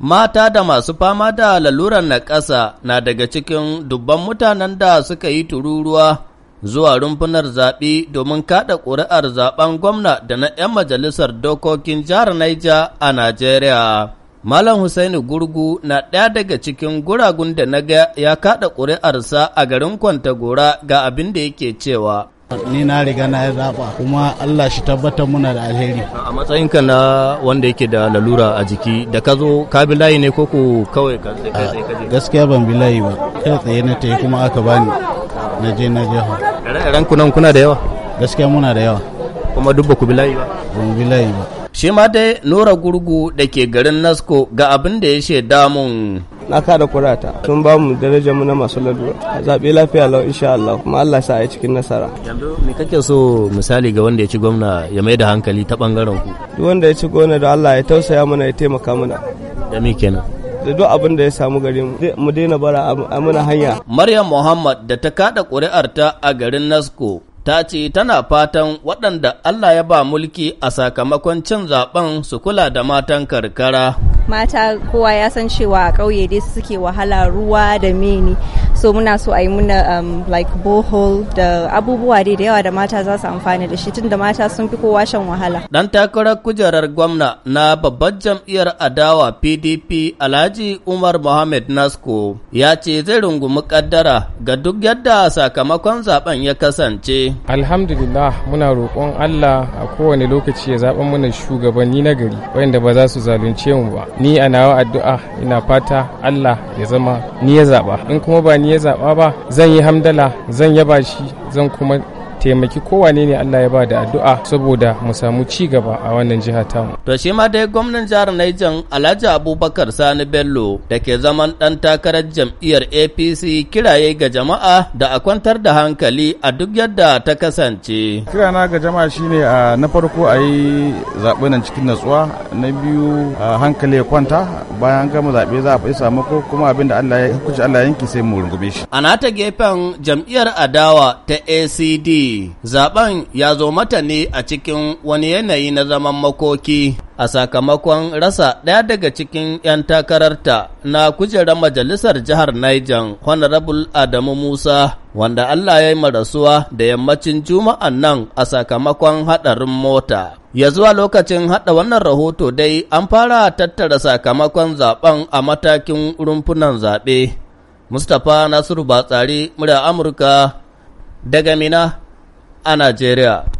Mata da masu fama da laluran na ƙasa na daga cikin dubban mutanen da suka yi tururuwa zuwa rumfunar zaɓi domin kaɗa ƙuri'ar zaɓen gwamna da na 'yan majalisar dokokin jihar Naija a Najeriya. Malam Hussaini Gurgu na ɗaya daga cikin guragun da na ga ya kaɗa ƙuri'arsa a garin Kwantagora ga abin da yake cewa. ni na riga na ya zaba kuma Allah shi tabbatar muna da alheri a matsayin ka na wanda yake da lalura a jiki da ka zo ka bi layi ne ko ku kawai ka sai ka je gaskiya ban bi layi ba kai tsaye na ta kuma aka bani na je na je ha ran nan kuna da yawa gaskiya muna da yawa Muhammadu duk ba ku bilayi ba ban bilayi ba shi ma dai nura gurgu da ke garin nasko ga abin da ya shaida damun. na kada kurata sun ba mu daraja mu na masu A zaɓe lafiya lau insha Allah kuma Allah sa a cikin nasara yanzu me kake so misali ga wanda ya ci gwamna ya mai da hankali ta ɓangaren ku duk wanda ya ci gwamna da Allah ya tausaya mana ya taimaka mana da me kenan da duk abin da ya samu gari mu mu daina bara a muna hanya Maryam Muhammad da ta kada ƙuri'arta a garin Nasko ta ce tana fatan waɗanda Allah ya ba mulki a sakamakon cin zaɓen su kula da matan karkara. mata kowa ya san cewa a ƙauye dai suke wahala ruwa da mene so muna so a yi muna um, like borehole da abubuwa dai da yawa da mata za su amfani da shi tun da mata sun fi kowa shan wahala. Dan takarar kujerar gwamna na babbar jam'iyyar adawa PDP Alhaji Umar Mohammed Nasko ya ce zai rungumi kaddara ga duk yadda sakamakon zaben ya kasance. Alhamdulillah muna roƙon Allah a kowane lokaci ya zaben mana shugabanni na gari wayanda ba za su zalunce mu ba. ni a nawa addu'a ina fata Allah ya zama ni ya zaba in kuma ba ni ya zaba ba zan yi hamdala zan yaba shi zan kuma taimaki kowane ne Allah ya ba da addu'a saboda mu samu ci gaba a wannan jiha tamu. To shi ma dai gwamnan jihar Niger Alhaji Abubakar Sani Bello da ke zaman dan takarar jam'iyyar APC kiraye ga jama'a da a kwantar da hankali a duk yadda ta kasance. Kirana ga jama'a shine a na farko a yi zaɓe nan cikin natsuwa na biyu hankali kwanta bayan gama zaɓe za a samu ko kuma abin da Allah ya hukunci Allah yanki sai mu rungume shi. A nata gefen jam'iyyar adawa ta ACD zaben ya zo mata ne a cikin wani yanayi na zaman makoki a sakamakon rasa ɗaya daga cikin 'yan takararta na kujerar majalisar jihar Niger Honorable Adamu Musa wanda Allah ya yi marasuwa da yammacin juma'an nan a sakamakon haɗarin mota. Ya zuwa lokacin haɗa wannan rahoto dai an fara tattara sakamakon zaben a matakin rumfunan zaɓe. Mustapha Nasiru Batsari, murya Amurka, daga Mina a Najeriya.